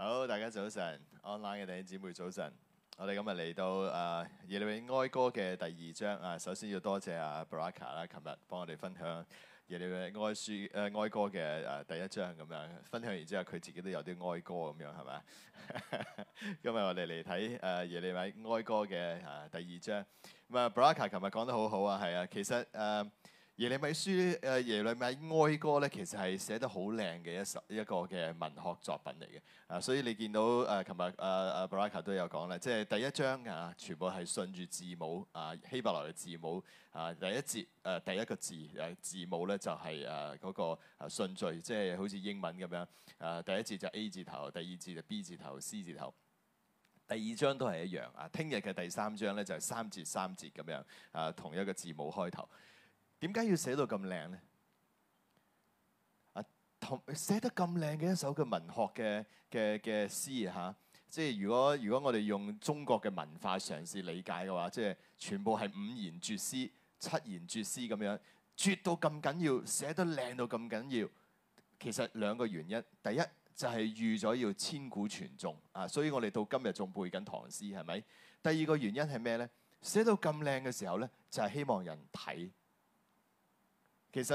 Hello 大家早晨，online 嘅弟兄姊妹早晨。我哋今日嚟到誒《耶利米哀歌》嘅第二章啊。首先要多謝阿布拉卡啦，琴日幫我哋分享《耶利米哀書》誒、呃、哀歌嘅誒、啊、第一章咁樣。分享完之後，佢自己都有啲哀歌咁樣係咪？今日我哋嚟睇誒《耶利米哀歌》嘅誒、 啊啊、第二章。咁啊，布拉卡琴日講得好好啊，係啊，其實誒。啊耶利米書，誒，耶利米哀歌咧，其實係寫得好靚嘅一首一個嘅文學作品嚟嘅啊。所以你見到誒琴日誒阿布拉卡都有講咧，即係第一章啊，全部係順住字母啊，希伯來嘅字母啊。第一節誒、啊、第一個字誒、啊、字母咧就係誒嗰個順序，即係好似英文咁樣啊。第一節就 A 字頭，第二節就 B 字頭、C 字頭。第二章都係一樣啊。聽日嘅第三章咧就係三節三節咁樣啊，同一個字母開頭。點解要寫到咁靚呢？同寫得咁靚嘅一首嘅文學嘅嘅嘅詩啊，嚇！即係如果如果我哋用中國嘅文化嘗試理解嘅話，即係全部係五言絕詩、七言絕詩咁樣，絕到咁緊要，寫得靚到咁緊要，其實兩個原因。第一就係、是、預咗要千古傳頌啊，所以我哋到今日仲背緊唐詩，係咪？第二個原因係咩呢？寫到咁靚嘅時候呢，就係、是、希望人睇。其實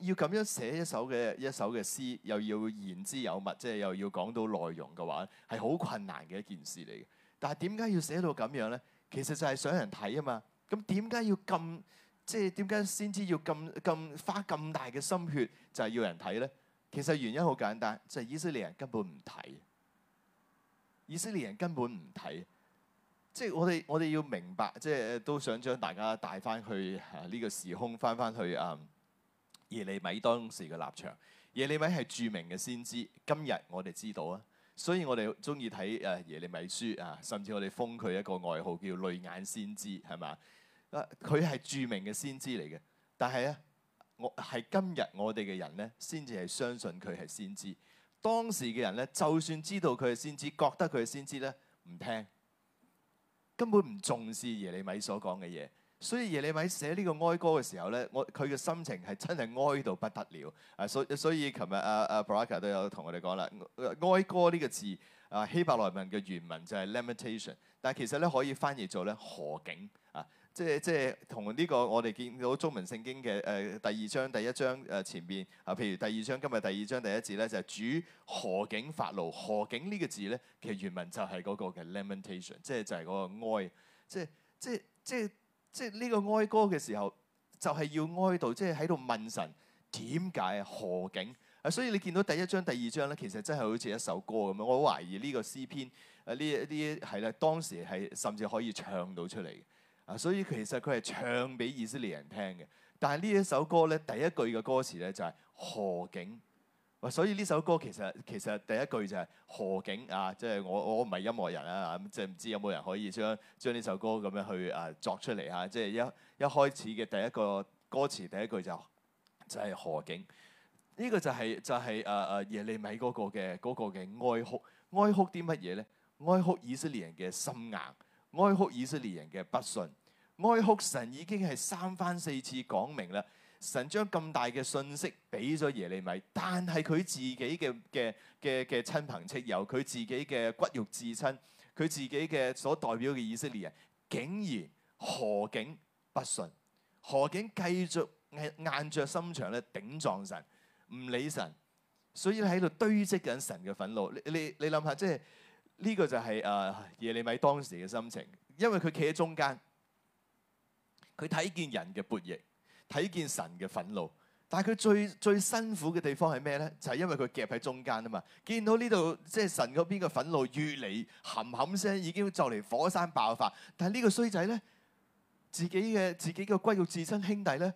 要咁樣寫一首嘅一首嘅詩，又要言之有物，即係又要講到內容嘅話，係好困難嘅一件事嚟嘅。但係點解要寫到咁樣咧？其實就係想人睇啊嘛。咁點解要咁？即係點解先知要咁咁花咁大嘅心血，就係要人睇咧？其實原因好簡單，就係以色列人根本唔睇。以色列人根本唔睇。即係我哋我哋要明白，即係都想將大家帶翻去啊呢個時空，翻翻去啊。嗯耶利米當時嘅立場，耶利米係著名嘅先知。今日我哋知道啊，所以我哋中意睇誒耶利米書啊，甚至我哋封佢一個外號叫淚眼先知，係咪？啊，佢係著名嘅先知嚟嘅，但係咧，我係今日我哋嘅人咧，先至係相信佢係先知。當時嘅人咧，就算知道佢係先知，覺得佢係先知咧，唔聽，根本唔重視耶利米所講嘅嘢。所以耶利米喺寫呢個哀歌嘅時候咧，我佢嘅心情係真係哀到不得了。啊，所所以琴日阿阿布拉卡都有同我哋講啦，哀歌呢個字啊，希伯來文嘅原文就係 lamentation，但係其實咧可以翻譯做咧何竟啊，即係即係同呢個我哋見到中文聖經嘅誒、啊、第二章第一章誒、啊、前邊啊，譬如第二章今日第二章第一字咧就係主何竟發怒，何竟呢個字咧其實原文就係嗰、那個嘅 lamentation，即係就係、是、嗰個，個哀，即係即係即係。即即即係呢個哀歌嘅時候，就係、是、要哀悼，即係喺度問神點解何竟？啊，所以你見到第一章第二章咧，其實真係好似一首歌咁樣。我好懷疑呢個詩篇啊呢一啲係咧，當時係甚至可以唱到出嚟。啊，所以其實佢係唱俾以色列人聽嘅。但係呢一首歌咧，第一句嘅歌詞咧就係何竟。所以呢首歌其實其實第一句就係何竟啊，即係我我唔係音樂人啦，即係唔知有冇人可以將將呢首歌咁樣去啊作出嚟嚇，即係一一開始嘅第一個歌詞第一句就就係何竟，呢個就係就係誒誒耶利米嗰個嘅嗰個嘅哀哭，哀哭啲乜嘢咧？哀哭以色列人嘅心硬，哀哭以色列人嘅不順，哀哭神已經係三番四次講明啦。神將咁大嘅信息俾咗耶利米，但係佢自己嘅嘅嘅嘅親朋戚友，佢自己嘅骨肉至親，佢自己嘅所代表嘅以色列人，竟然何竟不順？何竟繼續硬着心腸咧，頂撞神，唔理神，所以喺度堆積緊神嘅憤怒。你你你諗下，即係呢、這個就係、是、誒、啊、耶利米當時嘅心情，因為佢企喺中間，佢睇見人嘅背影。睇見神嘅憤怒，但係佢最最辛苦嘅地方係咩咧？就係因為佢夾喺中間啊嘛！見到呢度即係神嗰邊嘅憤怒越嚟冚冚聲，已經就嚟火山爆發。但係呢個衰仔咧，自己嘅自己嘅骨肉自身兄弟咧，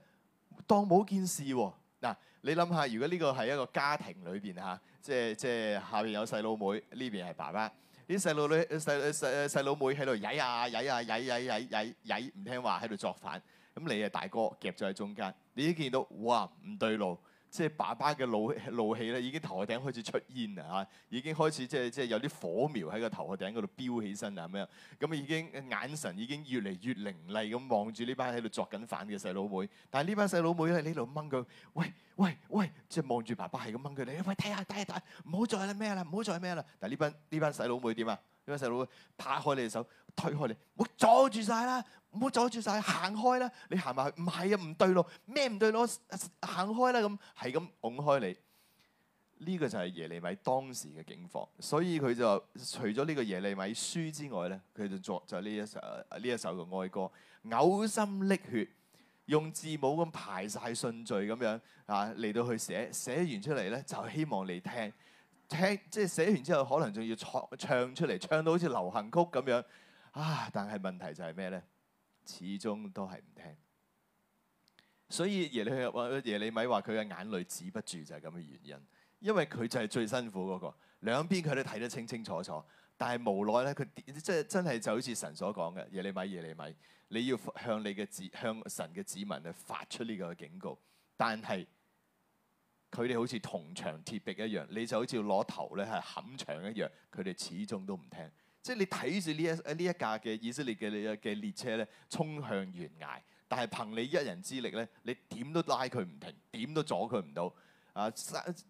當冇件事喎。嗱，你諗下，如果呢個係一個家庭裏邊嚇，即係即係下邊有細佬妹，呢邊係爸爸，啲細佬女細細細佬妹喺度曳啊曳啊曳曳曳曳曳，唔聽話喺度作反。咁你係大哥夾咗喺中間，你已經見到哇，唔對路，即係爸爸嘅怒怒氣咧，已經頭殼頂開始出煙啦嚇，已經開始即係即係有啲火苗喺個頭殼頂嗰度飆起身啦，係咪咁啊？已經眼神已經越嚟越凌厲咁望住呢班喺度作緊反嘅細佬妹，但係呢班細佬妹咧喺度掹佢，喂喂喂，即係望住爸爸係咁掹佢你喂，睇下睇下睇下，唔好再啦咩啦，唔好再咩啦，但係呢班呢班細佬妹點啊？呢個細路啊，弟弟拍開你隻手，推開你，唔好阻住晒啦，唔好阻住晒，行開啦！你行埋去，唔係啊，唔對路，咩唔對路？行開啦，咁係咁拱開你。呢、這個就係耶利米當時嘅境況，所以佢就除咗呢個耶利米書之外咧，佢就作咗呢一首呢一首嘅哀歌，嘔心瀝血，用字母咁排晒順序咁樣啊嚟到去寫，寫完出嚟咧就希望你聽。聽即係寫完之後，可能仲要唱出嚟，唱到好似流行曲咁樣啊！但係問題就係咩呢？始終都係唔聽。所以耶利米話：耶利米話佢嘅眼淚止不住，就係咁嘅原因。因為佢就係最辛苦嗰個，兩邊佢都睇得清清楚楚。但係無奈呢，佢即係真係就好似神所講嘅耶利米，耶利米，你要向你嘅子向神嘅子民去發出呢個警告。但係。佢哋好似銅牆鐵壁一樣，你就好似攞頭咧，係冚牆一樣。佢哋始終都唔聽，即係你睇住呢一呢一架嘅以色列嘅嘅列車咧，衝向懸崖，但係憑你一人之力咧，你點都拉佢唔停，點都阻佢唔到啊！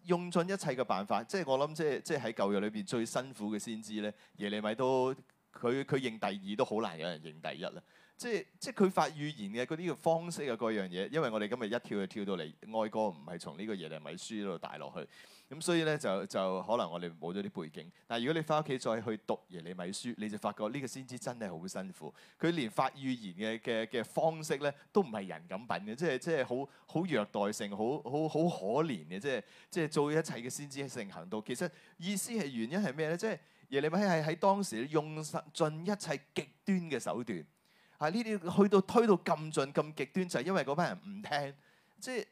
用盡一切嘅辦法，即係我諗，即係即係喺舊約裏邊最辛苦嘅先知咧，耶利米都佢佢認第二都好難，有人認第一啦。即係即係佢發預言嘅嗰啲嘅方式啊，嗰樣嘢。因為我哋今日一跳就跳到嚟，哀歌唔係從呢個耶利米書嗰度帶落去咁，所以咧就就可能我哋冇咗啲背景。但係如果你翻屋企再去讀耶利米書，你就發覺呢個先知真係好辛苦。佢連發預言嘅嘅嘅方式咧都唔係人咁品嘅，即係即係好好虐待性，好好好可憐嘅，即係即係做一切嘅先知性行動。其實意思係原因係咩咧？即係耶利米係喺當時用盡一切極端嘅手段。係呢啲去到推到咁盡咁極端，就係、是、因為嗰班人唔聽，即係誒、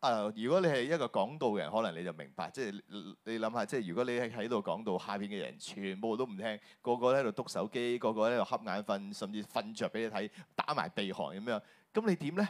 呃。如果你係一個講道嘅人，可能你就明白，即係你諗下，即係如果你喺喺度講道下邊嘅人全部都唔聽，個個喺度篤手機，個個喺度瞌眼瞓，甚至瞓着俾你睇，打埋鼻鼾咁樣，咁你點咧？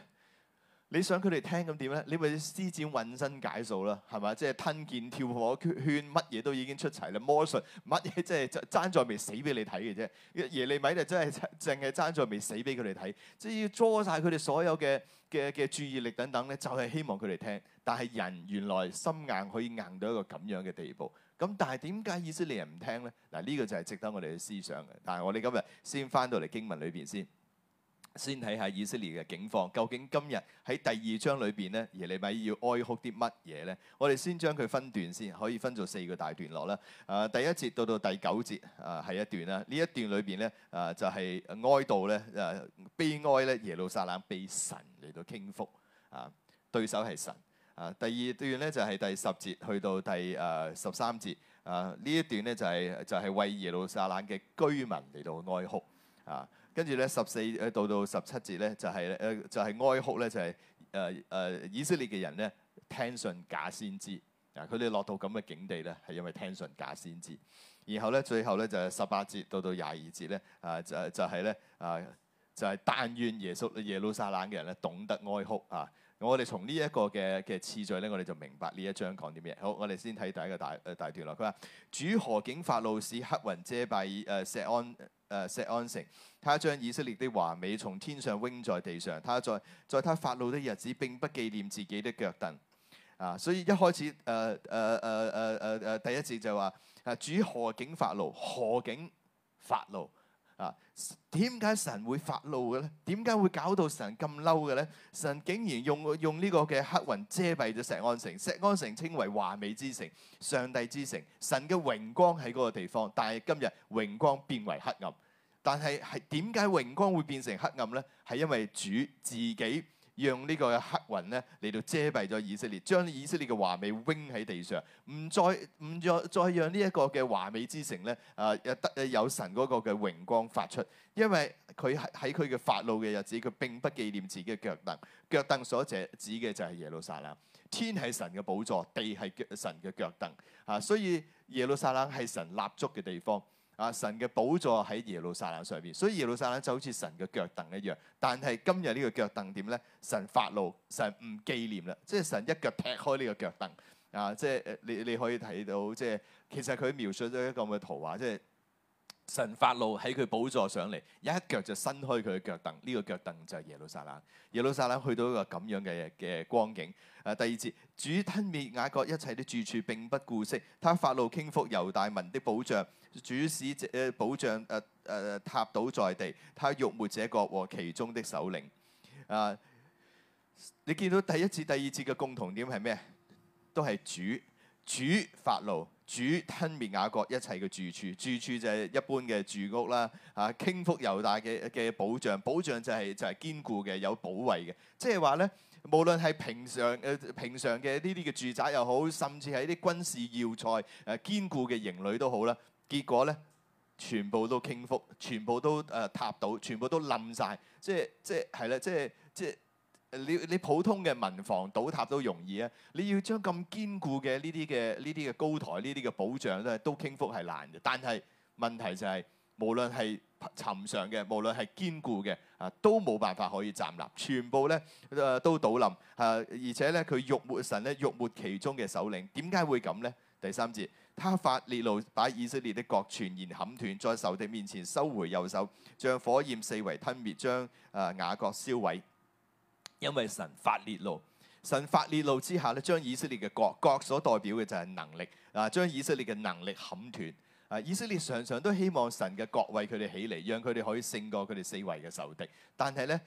你想佢哋聽咁點咧？你咪施展渾身解數啦，係咪？即係吞劍跳火圈，乜嘢都已經出齊啦。魔術乜嘢即係爭在未死俾你睇嘅啫。耶利米真就真係淨係爭在未死俾佢哋睇，即係要捉晒佢哋所有嘅嘅嘅注意力等等咧，就係希望佢哋聽。但係人原來心硬可以硬到一個咁樣嘅地步。咁但係點解以色列人唔聽咧？嗱，呢個就係值得我哋去思想嘅。但係我哋今日先翻到嚟經文裏邊先。先睇下以色列嘅警方究竟今日喺第二章裏邊咧，耶利米要哀哭啲乜嘢咧？我哋先將佢分段先，可以分做四個大段落啦。啊，第一節到到第九節啊係一段啦。呢一段裏邊咧，啊就係哀悼咧，啊悲哀咧耶路撒冷被神嚟到傾覆啊，對手係神啊。第二段咧就係第十節去到第誒十三節啊，呢一段咧就係就係為耶路撒冷嘅居民嚟到哀哭啊。跟住咧，十四誒到到十七節，咧，就係誒就係哀哭咧，就係誒誒以色列嘅人咧，聽信假先知啊，佢哋落到咁嘅境地咧，係因為聽信假先知，然後咧，最後咧，就係十八節到到廿二節咧，啊就就係咧，啊就係但願耶穌耶路撒冷嘅人咧懂得哀哭啊。我哋從呢一個嘅嘅次序咧，我哋就明白呢一章講啲咩。好，我哋先睇第一個大誒大段啦。佢話：主何竟發怒，使黑雲遮蔽誒錫安誒錫、呃、安城。他將以色列的華美從天上扔在地上。他在在他發怒的日子並不記念自己的腳凳。啊，所以一開始誒誒誒誒誒誒第一節就話：啊，主何竟發怒，何竟發怒。啊，點解神會發怒嘅咧？點解會搞到神咁嬲嘅咧？神竟然用用呢個嘅黑雲遮蔽咗錫安城，錫安城稱為華美之城、上帝之城，神嘅榮光喺嗰個地方，但係今日榮光變為黑暗。但係係點解榮光會變成黑暗咧？係因為主自己。讓呢個黑雲咧嚟到遮蔽咗以色列，將以色列嘅華美扔喺地上，唔再唔讓再讓呢一個嘅華美之城咧誒，得、啊、有神嗰個嘅榮光發出，因為佢喺佢嘅發怒嘅日子，佢並不紀念自己嘅腳凳，腳凳所指指嘅就係耶路撒冷。天係神嘅寶座，地係神嘅腳凳啊，所以耶路撒冷係神立足嘅地方。啊！神嘅寶座喺耶路撒冷上邊，所以耶路撒冷就好似神嘅腳凳一樣。但係今日呢個腳凳點咧？神發怒，神唔紀念啦，即係神一腳踢開呢個腳凳。啊，即係你你可以睇到，即係其實佢描述咗一個咁嘅圖畫，即係。神發怒喺佢寶座上嚟，一腳就伸開佢腳凳，呢、這個腳凳就係耶路撒冷。耶路撒冷去到一個咁樣嘅嘅光景。啊、呃，第二節主吞滅雅各一切的住處並不顧惜，他發怒傾覆猶大民的保障，主使這保障啊啊塌倒在地，他辱沒這國和其中的首領。啊、呃，你見到第一次、第二次嘅共同點係咩？都係主。主發怒，主吞滅雅各一切嘅住處，住處就係一般嘅住屋啦，啊，傾覆猶大嘅嘅保障，保障就係、是、就係、是、堅固嘅，有保衞嘅，即係話咧，無論係平常誒、啊、平常嘅呢啲嘅住宅又好，甚至係啲軍事要塞誒、啊、堅固嘅營壘都好啦、啊，結果咧，全部都傾覆，全部都誒塌倒，全部都冧晒。即係即係係啦，即係即。就是你你普通嘅民房倒塌都容易啊！你要將咁堅固嘅呢啲嘅呢啲嘅高台呢啲嘅保障咧，都傾覆係難嘅。但係問題就係、是，無論係尋常嘅，無論係堅固嘅啊，都冇辦法可以站立，全部咧誒、啊、都倒冧啊！而且咧，佢辱沒神咧，辱沒其中嘅首領。點解會咁咧？第三節，他發烈怒，把以色列的國全然砍斷，在仇敵面前收回右手，將火焰四圍吞滅，將啊雅各燒毀。因為神發烈怒，神發烈怒之下咧，將以色列嘅國國所代表嘅就係能力，啊，將以色列嘅能力砍斷。啊，以色列常常都希望神嘅國為佢哋起嚟，讓佢哋可以勝過佢哋四圍嘅仇敵，但係咧。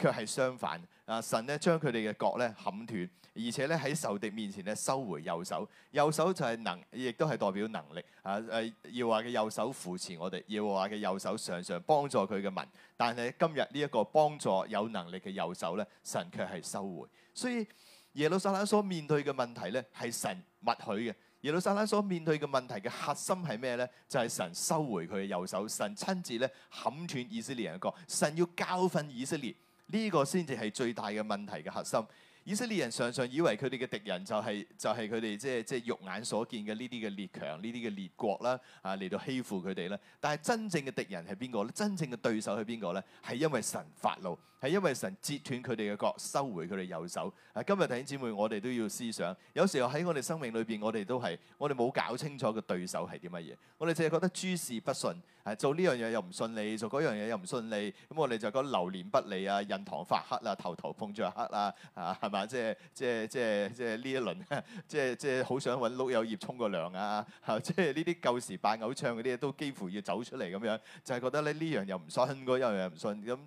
卻係相反，啊！神咧將佢哋嘅角咧砍斷，而且咧喺仇敵面前咧收回右手。右手就係能，亦都係代表能力。啊，誒，要話嘅右手扶持我哋，要話嘅右手常常幫助佢嘅民。但係今日呢一個幫助有能力嘅右手咧，神卻係收回。所以耶路撒冷所面對嘅問題咧，係神默許嘅。耶路撒冷所面對嘅問題嘅核心係咩咧？就係神收回佢嘅右手。神親自咧砍斷以色列人嘅角。神要教訓以色列。呢個先至係最大嘅問題嘅核心。以色列人常常以為佢哋嘅敵人就係、是、就係佢哋即係即係肉眼所見嘅呢啲嘅列強、呢啲嘅列國啦，啊嚟到欺負佢哋啦。但係真正嘅敵人係邊個咧？真正嘅對手係邊個咧？係因為神發怒。係因為神截斷佢哋嘅角，收回佢哋右手。啊，今日弟兄姊妹，我哋都要思想。有時候喺我哋生命裏邊，我哋都係，我哋冇搞清楚嘅對手係啲乜嘢。我哋淨係覺得諸事不順，係做呢樣嘢又唔順利，做嗰樣嘢又唔順利。咁我哋就覺得流年不利啊，印堂發黑啊，頭頭碰著黑啊，啊係嘛？即係即係即係即係呢一輪，即係即係好想揾碌柚葉沖個涼啊！即係呢啲舊時扮偶像嗰啲嘢都幾乎要走出嚟咁樣，就係、是、覺得咧呢樣又唔順，嗰樣又唔順咁。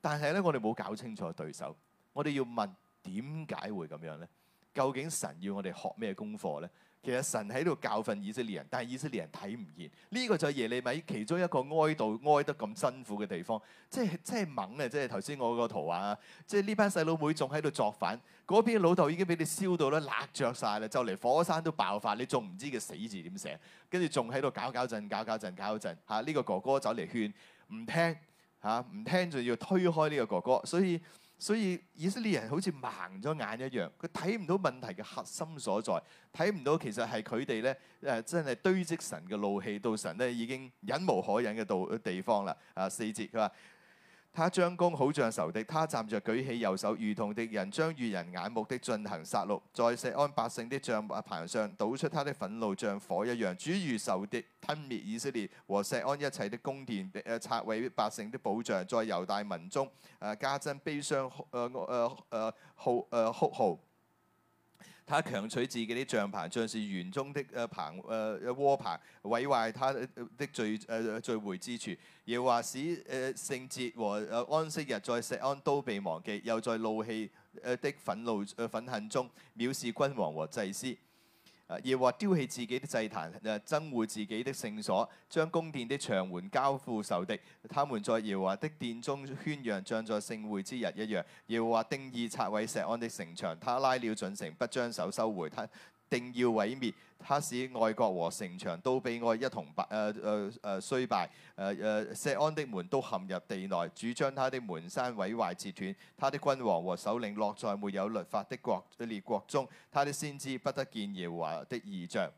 但係咧，我哋冇搞清楚對手。我哋要問點解會咁樣咧？究竟神要我哋學咩功課咧？其實神喺度教訓以色列人，但係以色列人睇唔見。呢個就係耶利米其中一個哀悼哀得咁辛苦嘅地方，即係即係猛啊！即係頭先我個圖畫啊！即係呢班細佬妹仲喺度作反，嗰邊老豆已經俾你燒到咧，辣着晒啦，就嚟火山都爆發，你仲唔知佢死字點寫？跟住仲喺度搞搞震，搞搞震，搞震吓。呢個哥哥走嚟勸，唔聽。啊！唔聽就要推開呢個哥哥，所以所以以色列人好似盲咗眼一樣，佢睇唔到問題嘅核心所在，睇唔到其實係佢哋咧誒，真係堆積神嘅怒氣到神咧已經忍無可忍嘅度地方啦。啊，四節佢話。他張弓好像仇敵，他站著舉起右手，如同敵人將遇人眼目的進行殺戮，在錫安百姓的帳棚上倒出他的憤怒，像火一樣。主如仇敵吞滅以色列和錫安一切的宮殿，誒拆毀百姓的保障，在猶大民中誒加增悲傷誒誒誒號誒哭號。呃呃呃呃呃他強取自己啲帳棚，像是園中的誒棚誒一、呃、窩棚，毀壞他的聚誒聚會之處；耶和華使誒聖節和安息日在錫安都被忘記，又在怒氣誒的憤怒誒、呃、憤恨中藐視君王和祭司。耶和華丟棄自己的祭壇，誒，憎惡自己的聖所，將宮殿的牆垣交付仇敵。他們在耶和華的殿中喧嚷，像在聖會之日一樣。耶和華定意拆毀錫安的城牆，他拉了準繩，不將手收回。他定要毀滅，他使外郭和城牆都被我一同敗誒誒誒衰敗誒誒，錫、呃、安的門都陷入地內，主將他的門閂毀壞截斷，他的君王和首領落在沒有律法的國列國中，他的先知不得見耶和華的異象。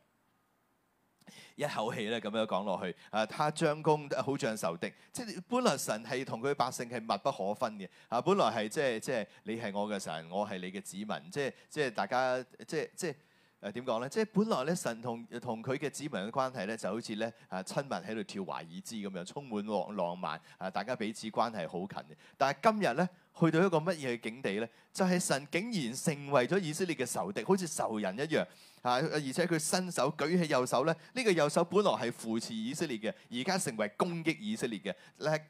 一口氣咧咁樣講落去啊，他張弓、啊、好像仇敵，即係本來神係同佢百姓係密不可分嘅啊。本來係即係即係你係我嘅神，我係你嘅子民，即係即係大家即係即係。就是就是就是誒點講咧？即係本來咧，神同同佢嘅子民嘅關係咧，就好似咧啊親密喺度跳華爾茲咁樣，充滿浪浪漫，啊大家彼此關係好近嘅。但係今日咧，去到一個乜嘢境地咧？就係、是、神竟然成為咗以色列嘅仇敵，好似仇人一樣。啊！而且佢伸手舉起右手咧，呢個右手本來係扶持以色列嘅，而家成為攻擊以色列嘅。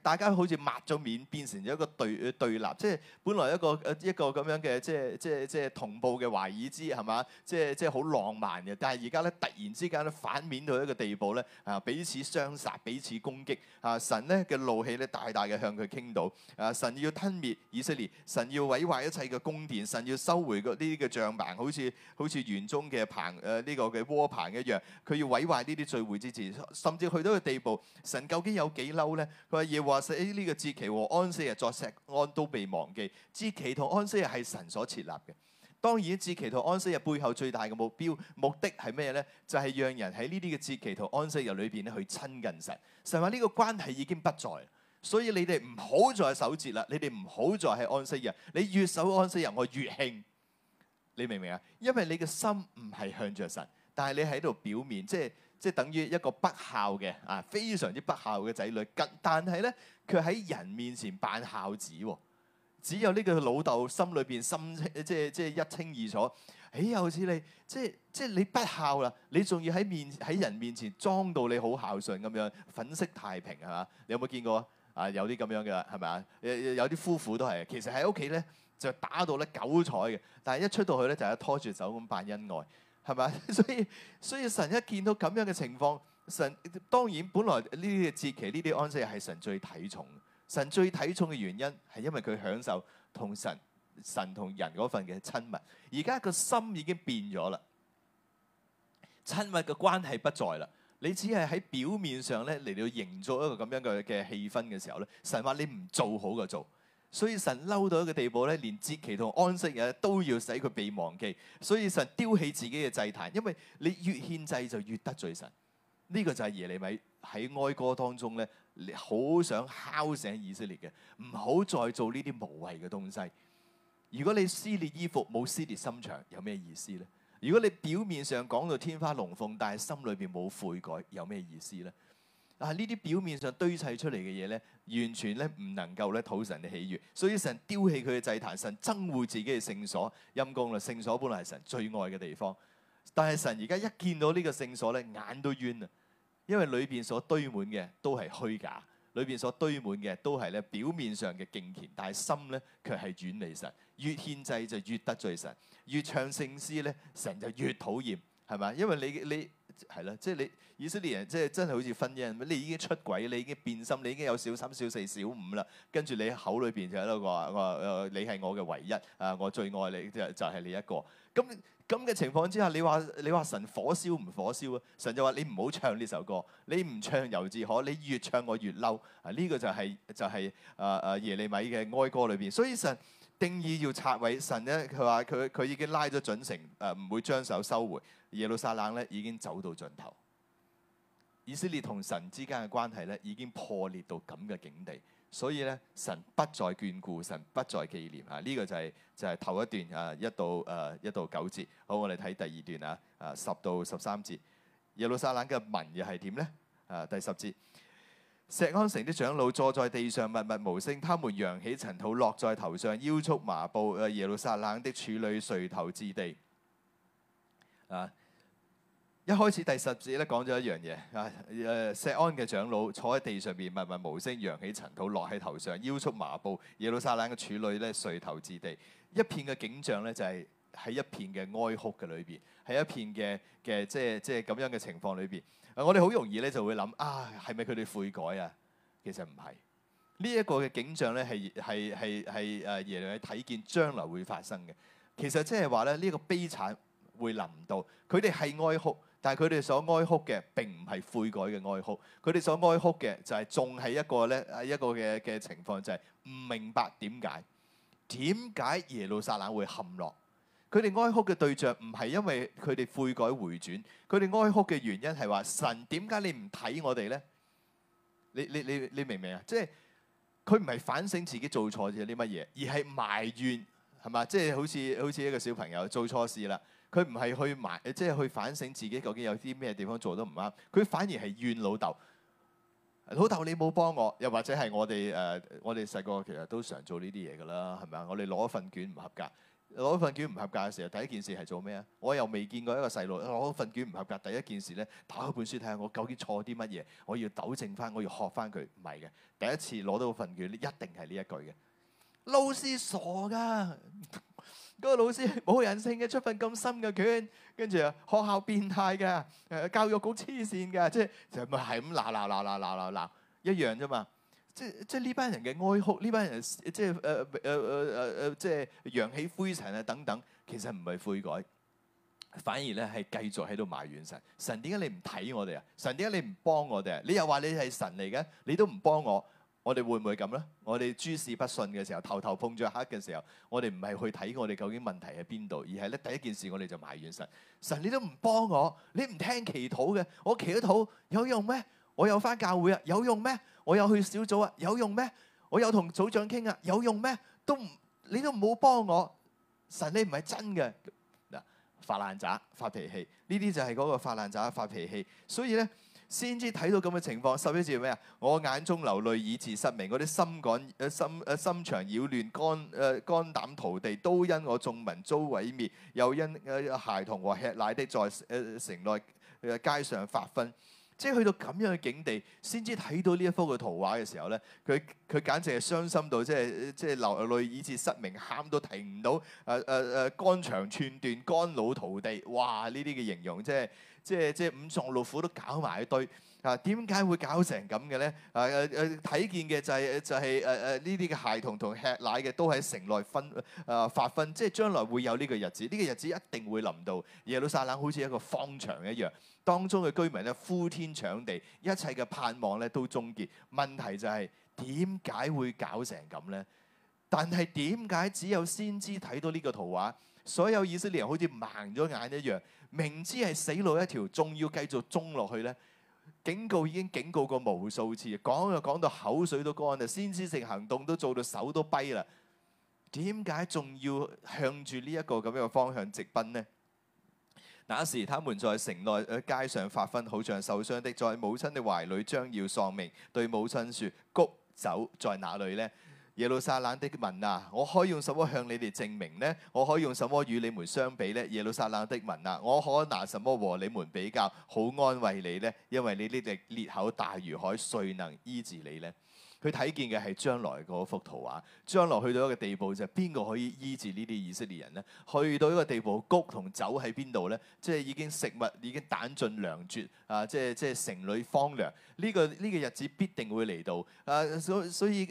大家好似抹咗面，變成咗一個對對立，即係本來一個一個咁樣嘅即係即係即係同步嘅華爾茲係嘛？即係即係好浪漫嘅，但係而家咧突然之間咧反面到一個地步咧，啊彼此相殺彼此攻擊啊，神咧嘅怒氣咧大大嘅向佢傾倒。啊，神要吞滅以色列，神要毀壞一切嘅宮殿，神要收回呢啲嘅帳棚，好似好似園中嘅。行誒呢個嘅窩棚一樣，佢要毀壞呢啲聚會之前，甚至去到個地步，神究竟有幾嬲咧？佢話耶和華喺呢個節期和安息日在錫安都被忘記，節期同安息日係神所設立嘅。當然，節期同安息日背後最大嘅目標目的係咩咧？就係讓人喺呢啲嘅節期同安息日裏邊咧去親近神。神話呢個關係已經不在，所以你哋唔好再守節啦，你哋唔好再係安息日，你越守安息日我越興。你明唔明啊？因為你嘅心唔係向着神，但係你喺度表面，即係即係等於一個不孝嘅啊，非常之不孝嘅仔女。但係咧，佢喺人面前扮孝子喎、哦。只有呢個老豆心裏邊心即係即係一清二楚。哎呀，似你即係即係你不孝啦，你仲要喺面喺人面前裝到你好孝順咁樣粉飾太平係嘛？你有冇見過啊？有啲咁樣嘅啦，係咪啊？有啲夫婦都係，其實喺屋企咧。就打到咧九彩嘅，但係一出到去咧就一拖住手咁扮恩愛，係咪？ 所以所以神一見到咁樣嘅情況，神當然本來呢啲節期呢啲安息日係神最睇重。神最睇重嘅原因係因為佢享受同神神同人嗰份嘅親密。而家個心已經變咗啦，親密嘅關係不在啦。你只係喺表面上咧嚟到營造一個咁樣嘅嘅氣氛嘅時候咧，神話你唔做好就做。所以神嬲到一個地步咧，連節期同安息日都要使佢被忘記。所以神丟棄自己嘅祭壇，因為你越獻祭就越得罪神。呢、這個就係耶利米喺哀歌當中咧，好想敲醒以色列嘅，唔好再做呢啲無謂嘅東西。如果你撕裂衣服冇撕裂心腸，有咩意思咧？如果你表面上講到天花龍鳳，但係心裏邊冇悔改，有咩意思咧？但係呢啲表面上堆砌出嚟嘅嘢咧，完全咧唔能夠咧討神嘅喜悅，所以神丟棄佢嘅祭壇，神憎護自己嘅聖所，陰公啦，聖所本來係神最愛嘅地方，但係神而家一見到呢個聖所咧，眼都冤啊！因為裏邊所堆滿嘅都係虛假，裏邊所堆滿嘅都係咧表面上嘅敬虔，但係心咧卻係遠離神，越獻祭就越得罪神，越唱聖詩咧神就越討厭，係咪？因為你你。係啦，即係你以色列人，即係真係好似婚姻，你已經出軌，你已經變心，你已經有小三、小四、小五啦。跟住你口裏邊就喺度話：我話你係我嘅唯一，啊，我最愛你，就就係你一個。咁咁嘅情況之下，你話你話神火燒唔火燒啊？神就話你唔好唱呢首歌，你唔唱尤自可，你越唱我越嬲。啊，呢個就係就係啊啊耶利米嘅哀歌裏邊，所以神。定意要拆毀神咧，佢話佢佢已經拉咗準繩，誒唔會將手收回。耶路撒冷咧已經走到盡頭，以色列同神之間嘅關係咧已經破裂到咁嘅境地，所以咧神不再眷顧，神不再記念啊！呢、這個就係、是、就係、是、頭一段啊一到誒、啊、一到九節。好，我哋睇第二段啊啊十到十三節。耶路撒冷嘅民又係點咧？啊第十節。石錫安城的長老坐在地上默默無聲，他們揚起塵土落在頭上，腰束麻布，耶路撒冷的處女垂頭置地。啊、uh,，一開始第十節咧講咗一樣嘢，啊，誒，錫安嘅長老坐喺地上面默默無聲，揚起塵土落喺頭上，腰束麻布，耶路撒冷嘅處女咧垂頭置地，一片嘅景象咧就係、是、喺一片嘅哀哭嘅裏邊，喺一片嘅嘅即係即係咁樣嘅情況裏邊。我哋好容易咧就會諗啊，係咪佢哋悔改啊？其實唔係，呢、這、一個嘅景象咧係係係係誒耶路睇見將來會發生嘅。其實即係話咧，呢、這個悲慘會臨到。佢哋係哀哭，但係佢哋所哀哭嘅並唔係悔改嘅哀哭。佢哋所哀哭嘅就係仲係一個咧一個嘅嘅情況，就係、是、唔明白點解點解耶路撒冷會陷落？佢哋哀哭嘅對象唔係因為佢哋悔改回轉，佢哋哀哭嘅原因係話神點解你唔睇我哋咧？你你你你明唔明啊？即係佢唔係反省自己做錯咗啲乜嘢，而係埋怨係嘛？即係好似好似一個小朋友做錯事啦，佢唔係去埋即係去反省自己究竟有啲咩地方做得唔啱，佢反而係怨老豆。老豆你冇幫我，又或者係我哋誒、呃、我哋細個其實都常做呢啲嘢噶啦，係咪啊？我哋攞一份卷唔合格。攞份卷唔合格嘅時候，第一件事係做咩啊？我又未見過一個細路攞份卷唔合格，第一件事咧，打開本書睇下，我究竟錯啲乜嘢？我要糾正翻，我要學翻佢，唔係嘅。第一次攞到份卷，一定係呢一句嘅：老師傻噶，嗰 個老師冇人性嘅，出份咁深嘅卷，跟住學校變態㗎，誒教育局黐線㗎，即係就咪係咁鬧鬧鬧鬧鬧鬧一樣啫嘛。即即呢班人嘅哀哭，呢班人即係誒誒誒誒誒，即係揚、呃呃呃、起灰塵啊等等，其實唔係悔改，反而咧係繼續喺度埋怨神。神點解你唔睇我哋啊？神點解你唔幫我哋啊？你又話你係神嚟嘅，你都唔幫我，我哋會唔會咁咧？我哋諸事不順嘅時候，頭頭碰著黑嘅時候，我哋唔係去睇我哋究竟問題喺邊度，而係咧第一件事我哋就埋怨神。神你都唔幫我，你唔聽祈禱嘅，我祈禱有用咩？我有返教會啊有用咩？我有去小組啊，有用咩？我有同組長傾啊，有用咩？都唔你都唔好幫我，神你唔係真嘅嗱，發爛渣、發脾氣呢啲就係嗰個發爛渣、發脾氣，所以咧先至睇到咁嘅情況。十一節咩啊？我眼中流淚，以至失明，我啲心肝、心心腸擾亂、肝、呃、肝膽塗地，都因我眾民遭毀滅，又因、呃、孩童和吃奶的在、呃、城內、呃、街上發昏。即係去到咁樣嘅境地，先至睇到呢一幅嘅圖畫嘅時候咧，佢佢簡直係傷心到即係即係流淚，以至失明，喊到停唔到，誒誒誒，肝腸寸斷，肝腦塗地，哇！呢啲嘅形容，即係即係即係五臟六腑都搞埋一堆。啊，點解會搞成咁嘅咧？啊啊啊！睇見嘅就係、誒、就係誒誒呢啲嘅孩童同吃奶嘅都喺城內分誒、啊、發分，即係將來會有呢個日子，呢、呢個日子一定會臨到。耶路撒冷好似一個方場一樣，當中嘅居民咧呼天搶地，一切嘅盼望咧都終結。問題就係點解會搞成咁咧？但係點解只有先知睇到呢個圖畫，所有以色列人好似盲咗眼一樣，明知係死路一條，仲要繼續縱落去咧？警告已經警告過無數次，講又講到口水都乾啦，先知性行動都做到手都跛啦，點解仲要向住呢一個咁樣嘅方向直奔呢？那時，他們在城內、喺街上發昏，好像受傷的，在母親的懷裡將要喪命，對母親説：穀、酒在哪裏呢？耶路撒冷的民啊，我可以用什麼向你哋證明咧？我可以用什麼與你們相比咧？耶路撒冷的民啊，我可拿什麼和你們比較，好安慰你咧？因為你呢啲裂口大如海，誰能醫治你咧？佢睇見嘅係將來嗰幅圖畫，將來去到一個地步就係邊個可以醫治呢啲以色列人咧？去到一個地步，谷同酒喺邊度咧？即係已經食物已經彈盡糧絕啊！即係即係城裏荒涼，呢、這個呢、這個日子必定會嚟到啊！所所以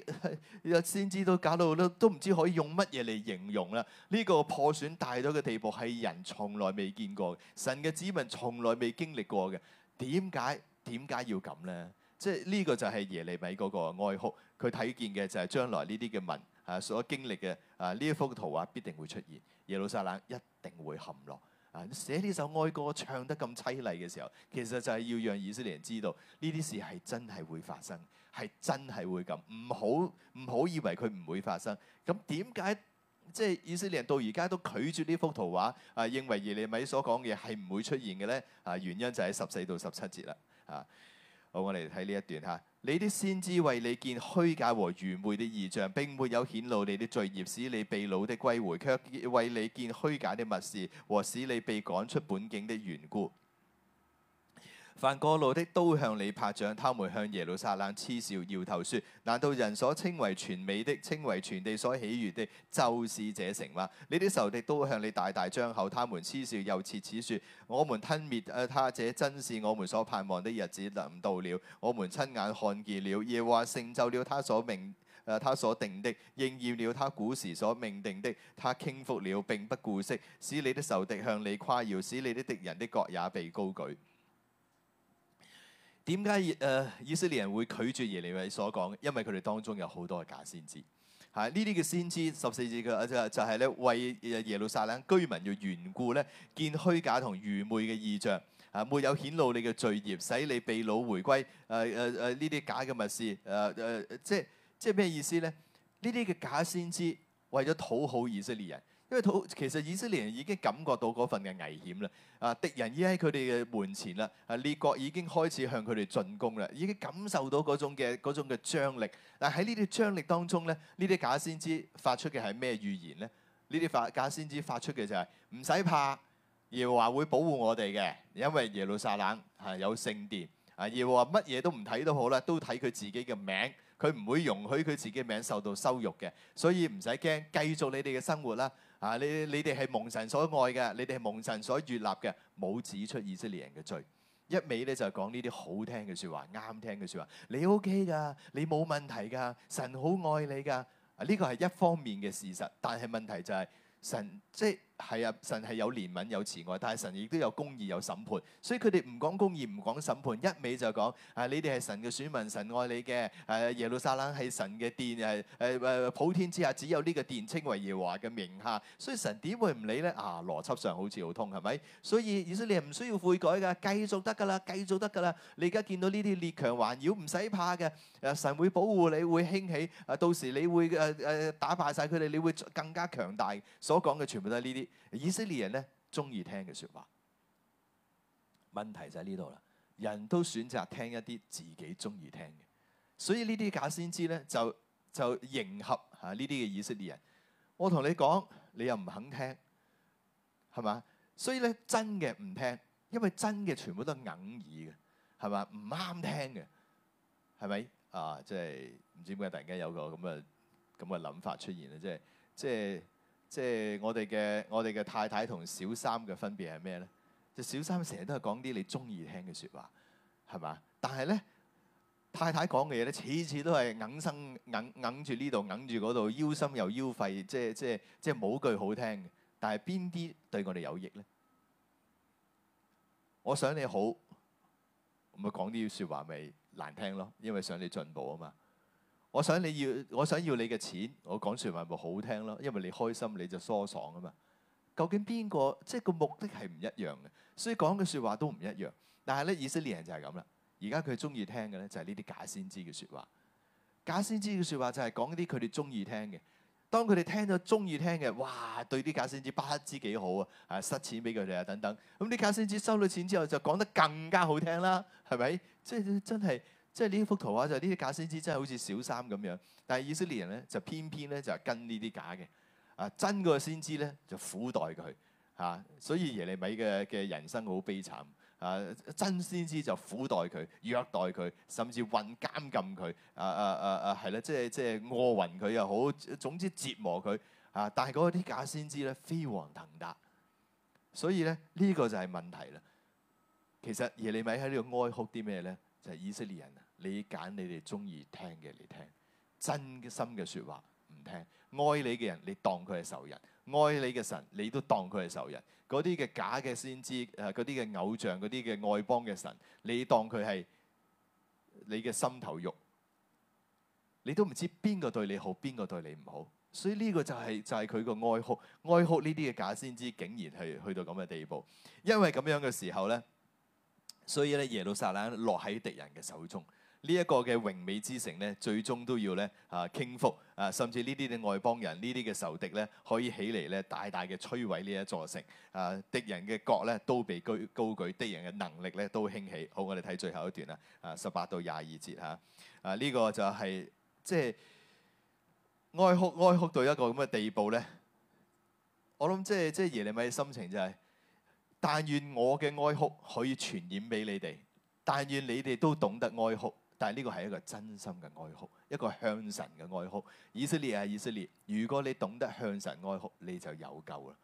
先、啊、知道搞到都都唔知可以用乜嘢嚟形容啦！呢、這個破損大到嘅地步係人從來未見過，神嘅子民從來未經歷過嘅，點解點解要咁咧？即係呢個就係耶利米嗰個哀哭，佢睇見嘅就係將來呢啲嘅民啊，所經歷嘅啊，呢一幅圖畫必定會出現，耶路撒冷一定會陷落啊！寫呢首哀歌唱得咁凄厲嘅時候，其實就係要讓以色列人知道呢啲事係真係會發生，係真係會咁，唔好唔好以為佢唔會發生。咁點解即係以色列人到而家都拒絕呢幅圖畫啊？認為耶利米所講嘅嘢係唔會出現嘅咧啊？原因就喺十四到十七節啦啊！好，我哋嚟睇呢一段吓、啊，你的先知為你見虛假和愚昧的異象，並沒有顯露你的罪孽，使你被擄的歸回，卻為你見虛假的默示，和使你被趕出本境的緣故。凡過路的都向你拍掌，他們向耶路撒冷嗤笑，搖頭説：難道人所稱為全美的，稱為全地所喜悅的，就是這城嗎？你的仇敵都向你大大張口，他們嗤笑又切齒説：我們吞滅他者，這真是我們所盼望的日子臨到了。我們親眼看見了，耶和華成就了他所命、呃、他所定的，應驗了他古時所命定的。他傾覆了，並不顧惜，使你的仇敵向你誇耀，使你的敵人的角也被高舉。點解耶？以色列人會拒絕耶利米所講？因為佢哋當中有好多嘅假先知。嚇、啊，呢啲嘅先知十四節嘅，就就係咧為耶路撒冷居民要緣故咧，見虛假同愚昧嘅異象，嚇、啊、沒有顯露你嘅罪孽，使你被擄回歸。誒誒誒，呢、啊、啲假嘅密師。誒、啊、誒、啊，即係即係咩意思咧？呢啲嘅假先知為咗討好以色列人。因為土其實，以色列人已經感覺到嗰份嘅危險啦。啊，敵人已喺佢哋嘅門前啦。列國已經開始向佢哋進攻啦，已經感受到嗰種嘅嗰種嘅張力。但喺呢啲張力當中咧，呢啲假先知發出嘅係咩預言咧？呢啲假先知發出嘅就係唔使怕，耶和華會保護我哋嘅，因為耶路撒冷係有聖殿。啊，耶和華乜嘢都唔睇都好啦，都睇佢自己嘅名，佢唔會容許佢自己嘅名受到羞辱嘅，所以唔使驚，繼續你哋嘅生活啦。啊！你你哋係蒙神所愛嘅，你哋係蒙神所悅納嘅，冇指出以色列人嘅罪。一味咧就講呢啲好聽嘅說話，啱聽嘅說話。你 O K 噶，你冇問題㗎，神好愛你㗎。呢、啊呢個係一方面嘅事實，但係問題就係、是、神即。係啊，神係有憐憫、有慈愛，但係神亦都有公義有審判。所以佢哋唔講公義唔講審判，一味就講啊！你哋係神嘅選民，神愛你嘅。誒、啊、耶路撒冷係神嘅殿，誒、啊、誒、啊、普天之下只有呢個殿稱為耶和華嘅名下。所以神點會唔理咧？啊，邏輯上好似好通係咪？所以以色列你唔需要悔改㗎，繼續得㗎啦，繼續得㗎啦。你而家見到呢啲列強環繞，唔使怕嘅。誒、啊、神會保護你，會興起。誒、啊、到時你會誒誒、啊啊啊、打敗晒佢哋，你會更加強大，大。所講嘅全部都係呢啲。以色列人咧，中意聽嘅說話，問題就喺呢度啦。人都選擇聽一啲自己中意聽嘅，所以呢啲假先知咧就就迎合吓呢啲嘅以色列人。我同你講，你又唔肯聽，係嘛？所以咧真嘅唔聽，因為真嘅全部都係硬耳嘅，係嘛？唔啱聽嘅，係咪啊？即係唔知點解突然間有個咁嘅咁嘅諗法出現啦，即係即係。即係即係我哋嘅我哋嘅太太同小三嘅分別係咩咧？就小三成日都係講啲你中意聽嘅説話，係嘛？但係咧太太講嘅嘢咧，次次都係揞生揞揞住呢度，揞住嗰度，腰心又腰肺，即係即係即係冇句好聽嘅。但係邊啲對我哋有益咧？我想你好，咪講啲説話咪難聽咯，因為想你進步啊嘛。我想你要我想要你嘅錢，我講説話咪好聽咯，因為你開心你就疏爽啊嘛。究竟邊個即係個目的係唔一樣嘅，所以講嘅説話都唔一樣。但係咧以色列人就係咁啦，而家佢中意聽嘅咧就係呢啲假先知嘅説話。假先知嘅説話就係講啲佢哋中意聽嘅。當佢哋聽咗中意聽嘅，哇對啲假先知不知幾好啊！啊塞錢俾佢哋啊等等。咁啲假先知收咗錢之後就講得更加好聽啦，係咪？即係真係。即係呢幅圖畫！就呢啲假先知真係好似小三咁樣，但係以色列人咧就偏偏咧就係跟呢啲假嘅啊！真個先知咧就苦待佢嚇、啊，所以耶利米嘅嘅人生好悲慘啊！真先知就苦待佢、虐待佢，甚至困監禁佢啊啊啊啊係啦！即係即係餓暈佢又好，總之折磨佢嚇、啊。但係嗰啲假先知咧飛黃騰達，所以咧呢、這個就係問題啦。其實耶利米喺呢度哀哭啲咩咧？就係、是、以色列人你揀你哋中意聽嘅嚟聽，真心嘅説話唔聽。愛你嘅人，你當佢係仇人；愛你嘅神，你都當佢係仇人。嗰啲嘅假嘅先知，誒嗰啲嘅偶像，嗰啲嘅外邦嘅神，你當佢係你嘅心頭肉，你都唔知邊個對你好，邊個對你唔好。所以呢個就係、是、就係佢個愛好，愛好呢啲嘅假先知，竟然係去到咁嘅地步。因為咁樣嘅時候咧，所以咧耶路撒冷落喺敵人嘅手中。呢一個嘅榮美之城咧，最終都要咧啊傾覆啊！甚至呢啲嘅外邦人、呢啲嘅仇敵咧，可以起嚟咧，大大嘅摧毀呢一座城啊！敵人嘅角咧都被高高舉，敵人嘅能力咧都興起。好，我哋睇最後一段啦，啊十八到廿二節嚇啊！呢、這個就係、是、即係哀哭哀哭到一個咁嘅地步咧。我諗即係即係耶利米心情就係、是，但願我嘅哀哭可以傳染俾你哋，但願你哋都懂得哀哭。但係呢個係一個真心嘅哀哭，一個向神嘅哀哭。以色列係以色列，如果你懂得向神哀哭，你就有救啦。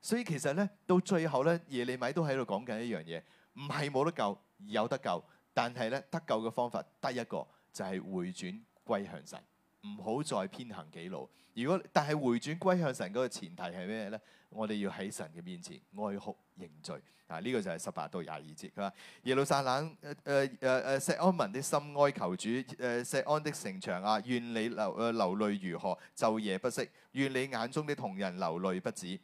所以其實咧，到最後咧，耶利米都喺度講緊一樣嘢，唔係冇得救，有得救，但係咧得救嘅方法得一個，就係回轉歸向神。唔好再偏行己路。如果但係回轉歸向神嗰個前提係咩咧？我哋要喺神嘅面前哀哭認罪。啊，呢、這個就係十八到廿二節。佢話耶路撒冷，誒誒誒誒，錫、啊、安民的心哀求主，誒、啊、錫安的城牆啊，願你流、啊、流淚如河，晝夜不息，願你眼中的瞳人流淚不止。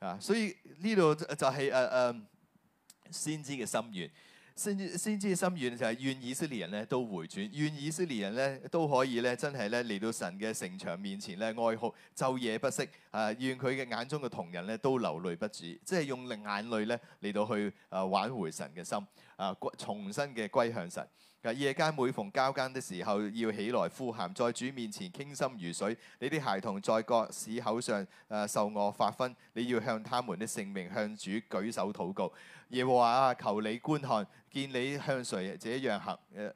啊，所以呢度就係誒誒先知嘅心願。先知先知心願就係願以色列人咧都回轉，願以色列人咧都可以咧真係咧嚟到神嘅城牆面前咧哀哭，晝夜不息。啊、呃，願佢嘅眼中嘅瞳人咧都流淚不止，即係用令眼淚咧嚟到去啊、呃、挽回神嘅心，啊、呃，重新嘅歸向神。夜間每逢交更的時候，要起來呼喊，在主面前傾心如水。你啲孩童在各市口上誒、呃、受餓發昏，你要向他們的性命向主舉手禱告。耶和華啊，求你觀看，見你向誰這樣行、呃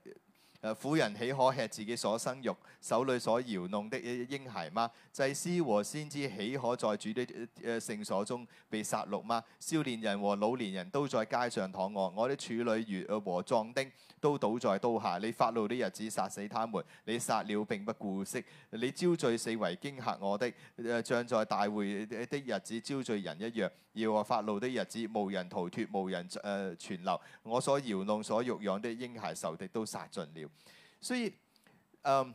誒婦、啊、人豈可吃自己所生育，手裏所搖弄的嬰孩嗎？祭司和先知豈可在主的誒、呃、聖所中被殺戮嗎？少年人和老年人都在街上躺卧，我的處女與和壯丁都倒在刀下。你發怒的日子殺死他們，你殺了並不顧惜。你招聚四圍驚嚇我的，像、呃、在大會的日子招聚人一樣。要我發怒的日子無人逃脱，無人誒存留。我所搖弄所育養的嬰孩仇敵都殺盡了。所以，嗯，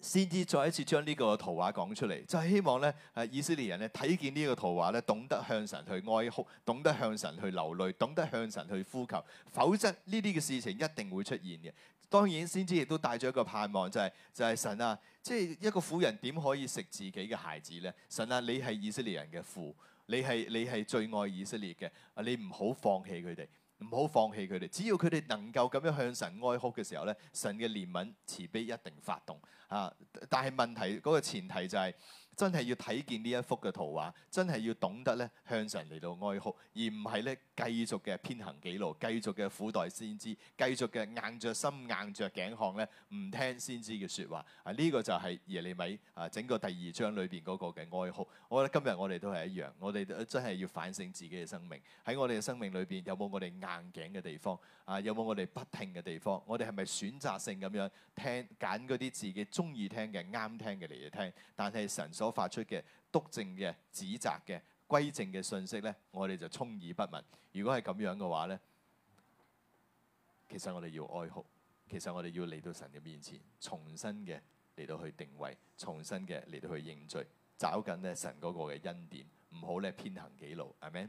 先知再一次將呢個圖畫講出嚟，就係希望咧，誒，以色列人咧睇見呢個圖畫咧，懂得向神去哀哭，懂得向神去流淚，懂得向神去呼求，否則呢啲嘅事情一定會出現嘅。當然，先知亦都帶咗一個盼望，就係就係神啊，即係一個婦人點可以食自己嘅孩子咧？神啊，你係以色列人嘅父，你係你係最愛以色列嘅，你唔好放棄佢哋。唔好放棄佢哋，只要佢哋能夠咁樣向神哀哭嘅時候咧，神嘅憐憫慈悲一定發動啊。但係問題嗰個前提就係，真係要睇見呢一幅嘅圖畫，真係要懂得咧向神嚟到哀哭，而唔係咧繼續嘅偏行己路，繼續嘅苦待先知，繼續嘅硬着心硬着頸項咧唔聽先知嘅說話啊，呢、這個就係耶利米啊整個第二章裏邊嗰個嘅哀哭。我覺得今日我哋都係一樣，我哋真係要反省自己嘅生命，喺我哋嘅生命裏邊有冇我哋硬頸嘅地方？啊，有冇我哋不聽嘅地方？我哋係咪選擇性咁樣聽揀嗰啲自己中意聽嘅啱聽嘅嚟聽，但係。神所所發出嘅督正嘅指責嘅歸正嘅信息呢，我哋就充耳不聞。如果係咁樣嘅話呢，其實我哋要哀哭，其實我哋要嚟到神嘅面前，重新嘅嚟到去定位，重新嘅嚟到去認罪，找緊呢神嗰個嘅恩典，唔好咧偏行己路，係咪？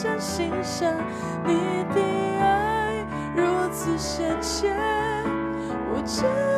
相信下你的愛如此深切，我知。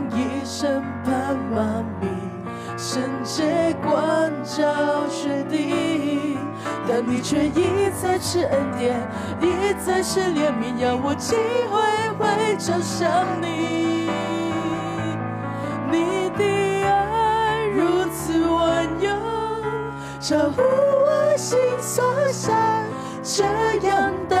身旁媽咪，聖潔光照確定，但你卻一再賜恩典，一再施憐憫，讓我幾回回轉向你。你的愛如此溫柔，超乎我心所想，這樣的。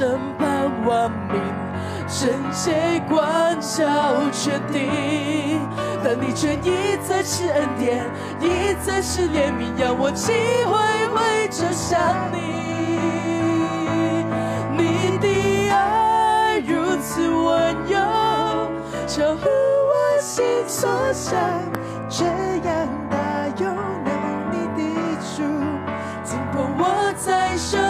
審判萬民，聖潔光照全地，但你卻一再是恩典，一再是憐憫，讓我幾回為着想你。你的愛如此溫柔，超乎我心所想，這樣大有能力的主，緊握我在手。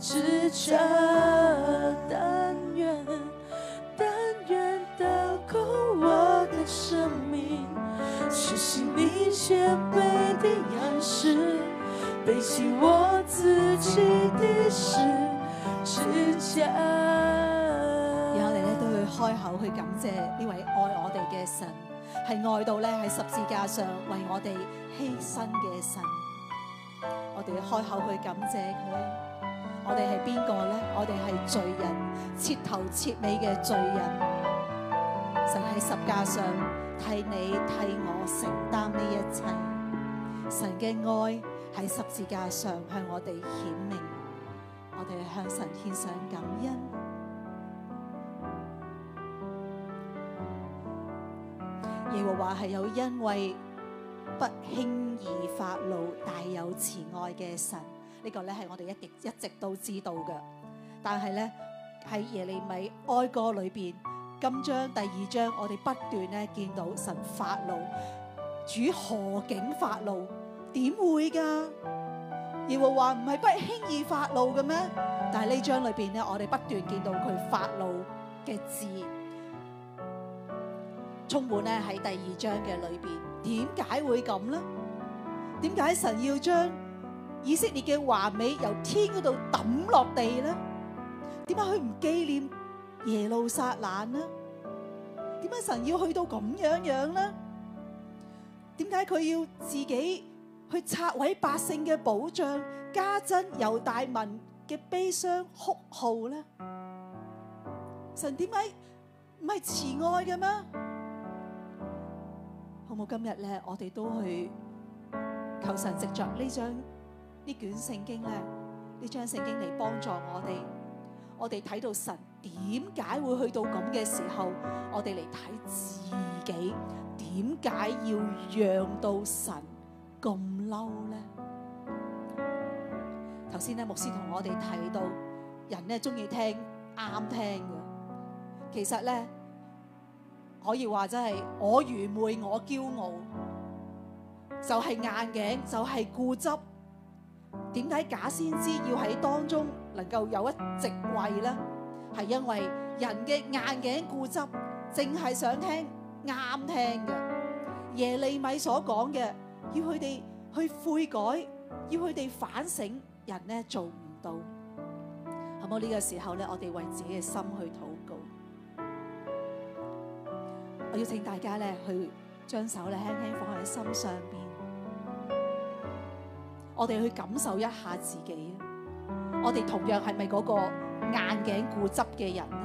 只差，但願但願掏空我的生命，實是你謙卑的樣式，背起我自己的十字架，然後我哋咧都會開口去感謝呢位愛我哋嘅神，係愛到咧喺十字架上為我哋犧牲嘅神，我哋要開口去感謝佢。我哋係邊個咧？我哋係罪人，徹頭徹尾嘅罪人。就喺十架上替你替我承擔呢一切。神嘅愛喺十字架上向我哋顯明，我哋向神獻上感恩。耶和華係有恩惠，不輕易發怒，大有慈愛嘅神。呢個咧，係我哋一直一直都知道嘅，但係咧喺耶利米哀歌裏邊，今章第二章我哋不斷咧見到神發怒，主何竟發怒？點會噶？耶和華唔係不輕易發怒嘅咩？但係呢章裏邊咧，我哋不斷見到佢發怒嘅字，充滿咧喺第二章嘅裏邊，點解會咁咧？點解神要將？以色列嘅華美由天嗰度抌落地啦，點解佢唔紀念耶路撒冷呢？點解神要去到咁樣樣呢？點解佢要自己去拆毀百姓嘅保障，加增猶大民嘅悲傷哭號呢？神點解唔係慈愛嘅咩？好冇？今日咧，我哋都去求神藉着呢張。呢卷聖經咧，呢張聖經嚟幫助我哋，我哋睇到神點解會去到咁嘅時候，我哋嚟睇自己點解要讓到神咁嬲咧？頭先咧牧師同我哋睇到，人咧中意聽啱聽嘅，其實咧可以話真係我愚昧，我驕傲，就係眼鏡，就係固執。點解假先知要喺當中能夠有一席位咧？係因為人嘅硬頸固執，淨係想聽啱聽嘅。耶利米所講嘅，要佢哋去悔改，要佢哋反省，人咧做唔到，好冇呢個時候咧，我哋為自己嘅心去禱告。我要請大家咧，去將手咧輕輕放喺心上面。我哋去感受一下自己，我哋同樣係咪嗰個硬頸固執嘅人咧？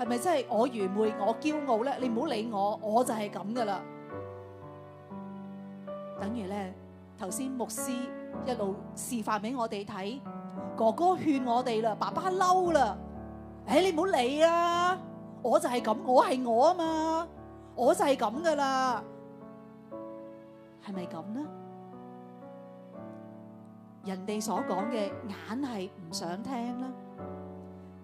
係咪真係我愚昧、我驕傲咧？你唔好理我，我就係咁噶啦。等於咧，頭先牧師一路示範俾我哋睇，哥哥勸我哋啦，爸爸嬲啦，誒，你唔好理啊，我就係咁，我係我啊嘛，我就係咁噶啦。係咪咁咧？人哋所講嘅眼係唔想聽啦，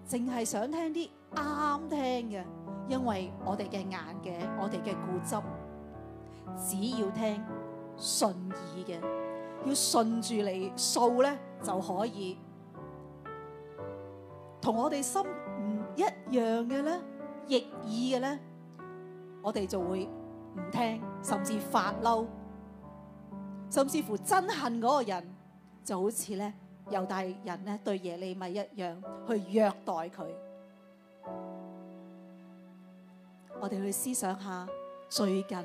淨係想聽啲啱聽嘅，因為我哋嘅眼嘅，我哋嘅固執，只要聽順耳嘅，要順住嚟掃咧就可以。同我哋心唔一樣嘅咧，逆耳嘅咧，我哋就會唔聽，甚至發嬲。甚至乎憎恨嗰個人，就好似咧猶大人咧對耶利米一樣去虐待佢。我哋去思想下，最近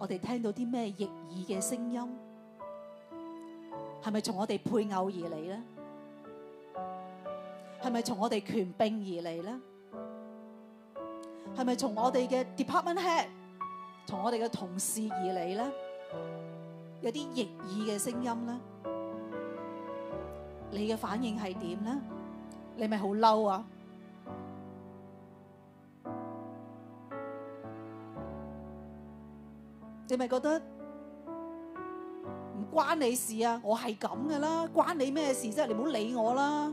我哋聽到啲咩逆耳嘅聲音，係咪從我哋配偶而嚟咧？係咪從我哋權柄而嚟咧？係咪從我哋嘅 department head，從我哋嘅同事而嚟咧？有啲逆耳嘅聲音咧，你嘅反應係點咧？你咪好嬲啊！你咪覺得唔關你事啊！我係咁噶啦，關你咩事啫，啊？你唔好理我啦！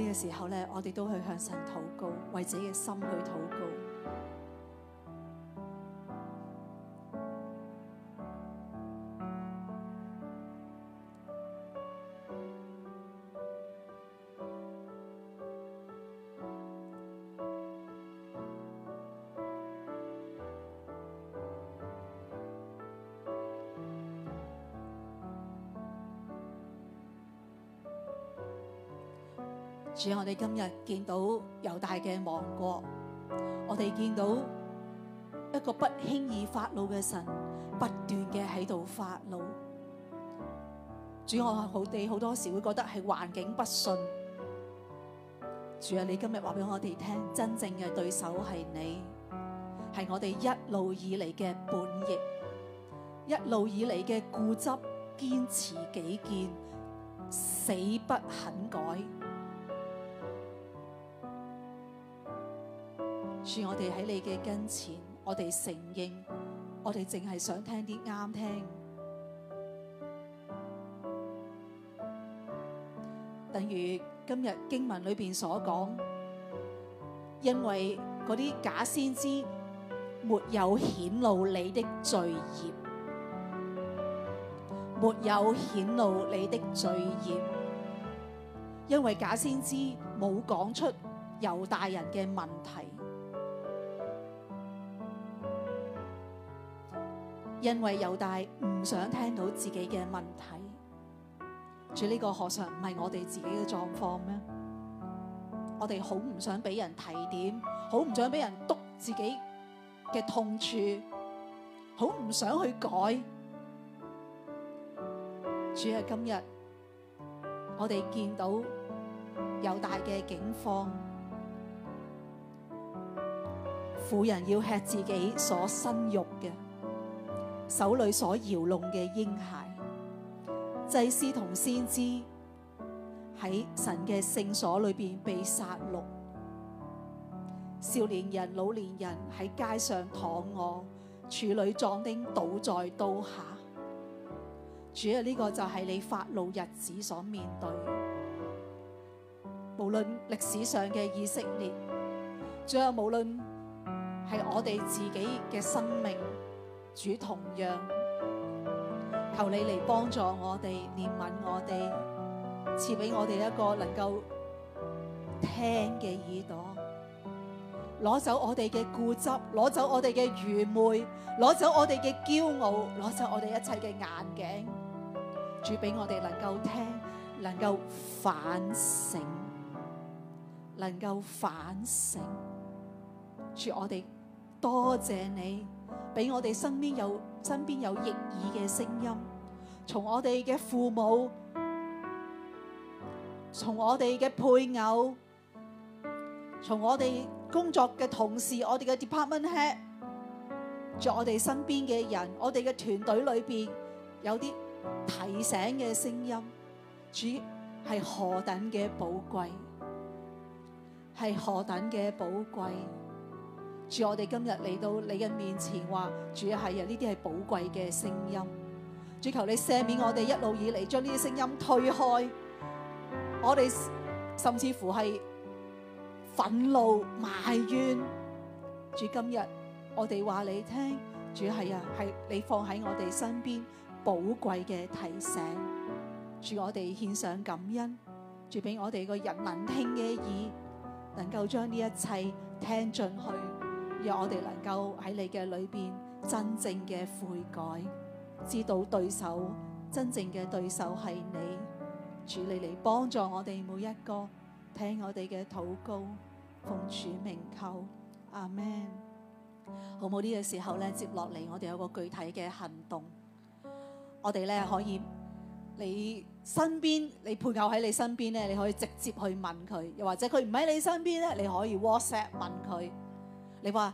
呢個時候咧，我哋都去向神禱告，為自己嘅心去禱告。主，我哋今日見到猶大嘅亡國，我哋見到一個不輕易發怒嘅神，不斷嘅喺度發怒。主，我哋好多時會覺得係環境不順。主啊，你今日話俾我哋聽，真正嘅對手係你，係我哋一路以嚟嘅叛逆，一路以嚟嘅固執、堅持己見、死不肯改。主，我哋喺你嘅跟前，我哋承認，我哋淨係想聽啲啱聽。等於今日經文裏邊所講，因為嗰啲假先知沒有顯露你的罪孽，沒有顯露你的罪孽，因為假先知冇講出猶大人嘅問題。因為猶大唔想聽到自己嘅問題，主，呢個何嘗唔係我哋自己嘅狀況咩？我哋好唔想俾人提點，好唔想俾人督自己嘅痛處，好唔想去改。主，喺今日我哋見到猶大嘅境況，婦人要吃自己所生肉嘅。.手裏所搖弄嘅嬰孩，祭司同先知喺神嘅聖所裏邊被殺戮，少年人、老年人喺街上躺臥，處女、壯丁倒在刀下。主，要呢個就係你發怒日子所面對，無論歷史上嘅以色列，最後無論係我哋自己嘅生命。主同樣求你嚟幫助我哋，憐憫我哋，賜俾我哋一個能夠聽嘅耳朵，攞走我哋嘅固執，攞走我哋嘅愚昧，攞走我哋嘅驕傲，攞走我哋一切嘅眼鏡。主俾我哋能夠聽，能夠反省，能夠反省。主，我哋多謝你。俾我哋身邊有身邊有逆耳嘅聲音，從我哋嘅父母，從我哋嘅配偶，從我哋工作嘅同事，我哋嘅 department head，在我哋身邊嘅人，我哋嘅團隊裏邊有啲提醒嘅聲音，主係何等嘅寶貴，係何等嘅寶貴。主我哋今日嚟到你嘅面前，話主要係啊，呢啲係寶貴嘅聲音。主求你赦免我哋一路以嚟將呢啲聲音推開，我哋甚至乎係憤怒埋怨。主今日我哋話你聽，主要係啊，係你放喺我哋身邊寶貴嘅提醒。主我哋獻上感恩，主俾我哋個人能聽嘅耳，能夠將呢一切聽進去。若我哋能夠喺你嘅裏邊真正嘅悔改，知道對手真正嘅對手係你，主你嚟幫助我哋每一個，聽我哋嘅禱告，奉主名求，阿門。好冇呢個時候咧，接落嚟我哋有個具體嘅行動，我哋咧可以你身邊你配偶喺你身邊咧，你可以直接去問佢，又或者佢唔喺你身邊咧，你可以 WhatsApp 問佢。你話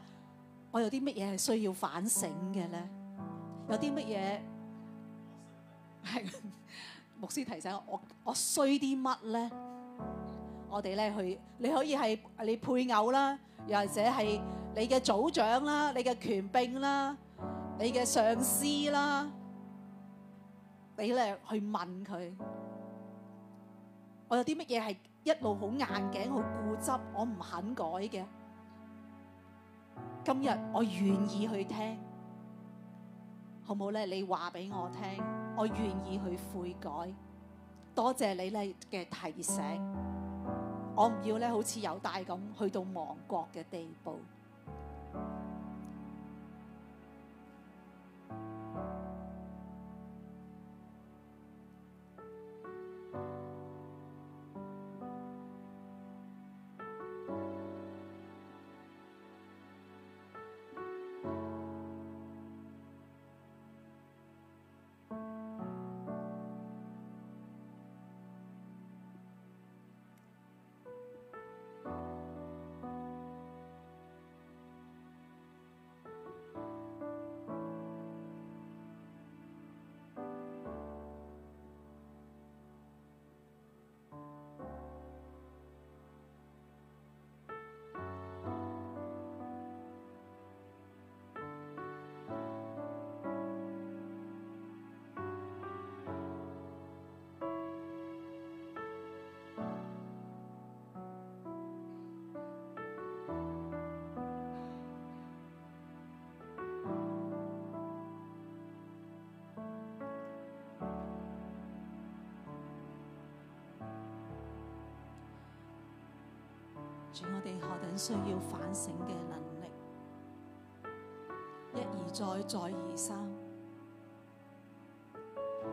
我有啲乜嘢係需要反省嘅咧？有啲乜嘢係牧師提醒我我衰啲乜咧？我哋咧去，你可以係你配偶啦，又或者係你嘅組長啦、你嘅權柄啦、你嘅上司啦，你咧去問佢，我有啲乜嘢係一路好硬頸、好固執，我唔肯改嘅。今日我願意去聽，好唔好咧？你話俾我聽，我願意去悔改。多謝你咧嘅提醒，我唔要咧好似猶大咁去到亡國嘅地步。主，我哋何等需要反省嘅能力，一而再，再而三，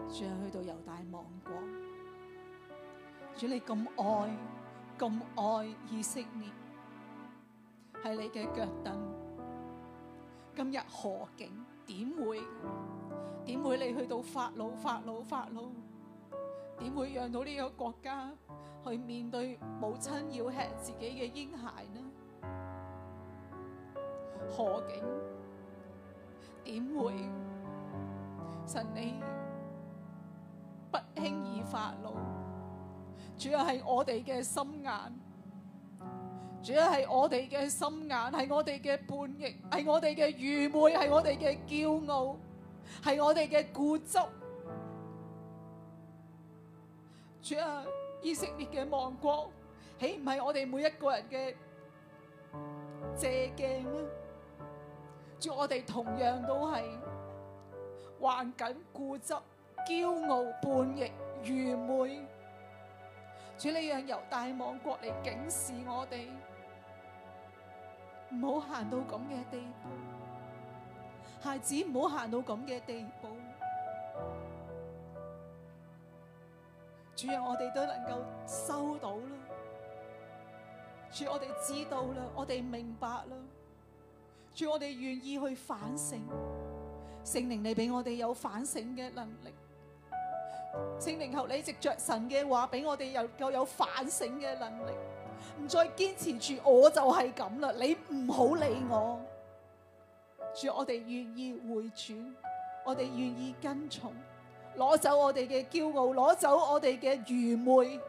仲係去到猶大亡國，主你咁愛，咁愛以色列，係你嘅腳凳，今日何景？點會？點會？你去到法老，法老，法老。點會讓到呢個國家去面對母親要吃自己嘅嬰孩呢？何景點會？神你不輕易發怒，主要係我哋嘅心眼，主要係我哋嘅心眼，係我哋嘅叛逆，係我哋嘅愚昧，係我哋嘅驕傲，係我哋嘅固執。主啊，以色列嘅亡國，豈唔係我哋每一個人嘅借鏡啊？主，我哋同樣都係患緊固執、驕傲、叛逆、愚昧。主，你讓由大亡國嚟警示我哋，唔好行到咁嘅地步，孩子唔好行到咁嘅地步。主啊，我哋都能夠收到啦！主，我哋知道啦，我哋明白啦！主，我哋願意去反省。聖靈，你俾我哋有反省嘅能力。聖靈，求你藉着神嘅話俾我哋又夠有反省嘅能力，唔再堅持住我就係咁啦！你唔好理我。主，我哋願意回轉，我哋願意跟從。攞走我哋嘅驕傲，攞走我哋嘅愚昧，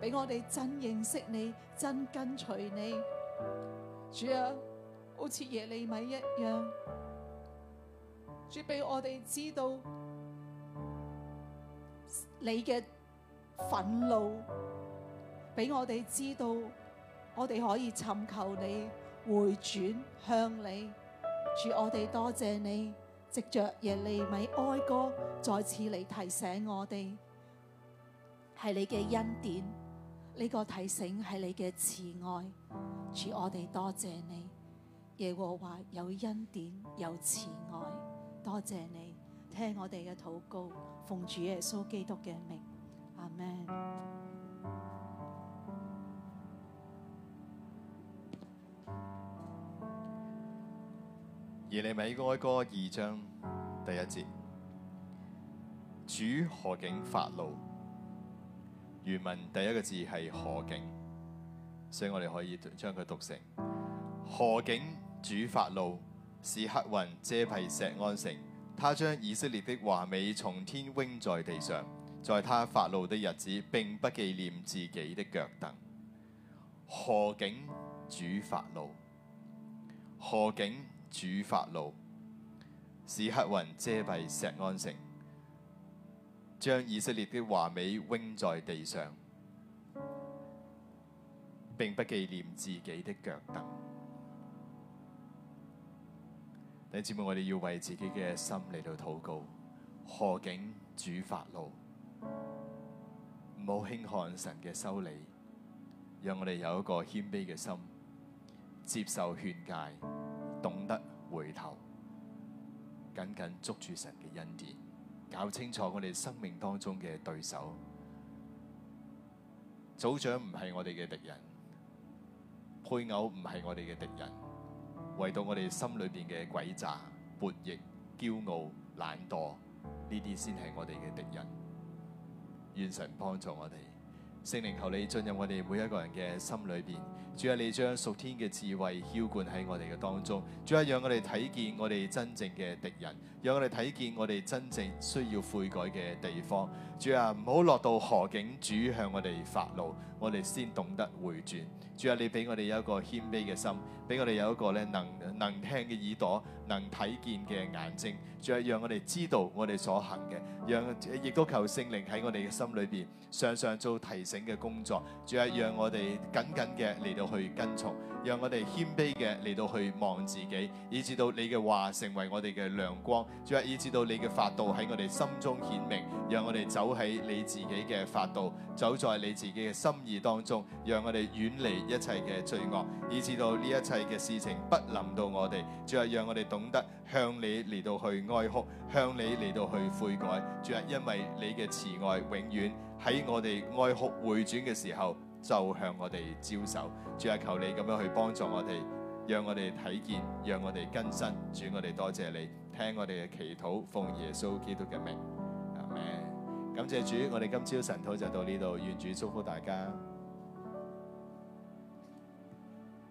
俾我哋真認識你，真跟隨你，主啊，好似耶利米一樣，主俾我哋知道你嘅憤怒，俾我哋知道我哋可以尋求你，回轉向你，主，我哋多謝你。藉着耶利米哀歌再次嚟提醒我哋，係你嘅恩典，呢個提醒係你嘅慈愛，主，我哋多謝你，耶和華有恩典有慈愛，多謝你聽我哋嘅禱告，奉主耶穌基督嘅名，阿門。耶利米哀歌二章第一節，主何竟發怒。原文第一個字係何竟，所以我哋可以將佢讀成「何竟主發怒」，使黑雲遮蔽錫安城。他將以色列的華美從天扔在地上，在他發怒的日子，並不紀念自己的腳凳。何竟主發怒，何竟。主發怒，使黑雲遮蔽石安城，將以色列的華美扔在地上，並不紀念自己的腳凳。弟兄們，我哋要為自己嘅心嚟到禱告，何竟主發怒，唔好輕看神嘅修理，讓我哋有一個謙卑嘅心，接受勸誡。懂得回頭，緊緊捉住神嘅恩典，搞清楚我哋生命當中嘅對手。組長唔係我哋嘅敵人，配偶唔係我哋嘅敵人，唯獨我哋心裏邊嘅詭詐、叛逆、驕傲、懶惰呢啲先係我哋嘅敵人。願神幫助我哋。聖靈，求你進入我哋每一個人嘅心裏邊，主啊，你將屬天嘅智慧澆灌喺我哋嘅當中，主啊，讓我哋睇見我哋真正嘅敵人，讓我哋睇見我哋真正需要悔改嘅地方。主啊，唔好落到河景，主向我哋發怒。我哋先懂得回轉，主啊，你俾我哋有一個謙卑嘅心，俾我哋有一個咧能能聽嘅耳朵，能睇見嘅眼睛，主啊，讓我哋知道我哋所行嘅，讓亦都求聖靈喺我哋嘅心裏邊，常常做提醒嘅工作，主啊，讓我哋緊緊嘅嚟到去跟從。讓我哋謙卑嘅嚟到去望自己，以致到你嘅話成為我哋嘅亮光；主啊，以致到你嘅法度喺我哋心中顯明，讓我哋走喺你自己嘅法度，走在你自己嘅心意當中，讓我哋遠離一切嘅罪惡，以致到呢一切嘅事情不臨到我哋；主啊，讓我哋懂得向你嚟到去哀哭，向你嚟到去悔改；主啊，因為你嘅慈愛永遠喺我哋哀哭回轉嘅時候。就向我哋招手，主啊，求你咁樣去幫助我哋，讓我哋體驗，讓我哋更新，主我哋多謝謝你，聽我哋嘅祈禱，奉耶穌基督嘅名，Amen. 感謝主，我哋今朝神討就到呢度，願主祝福大家。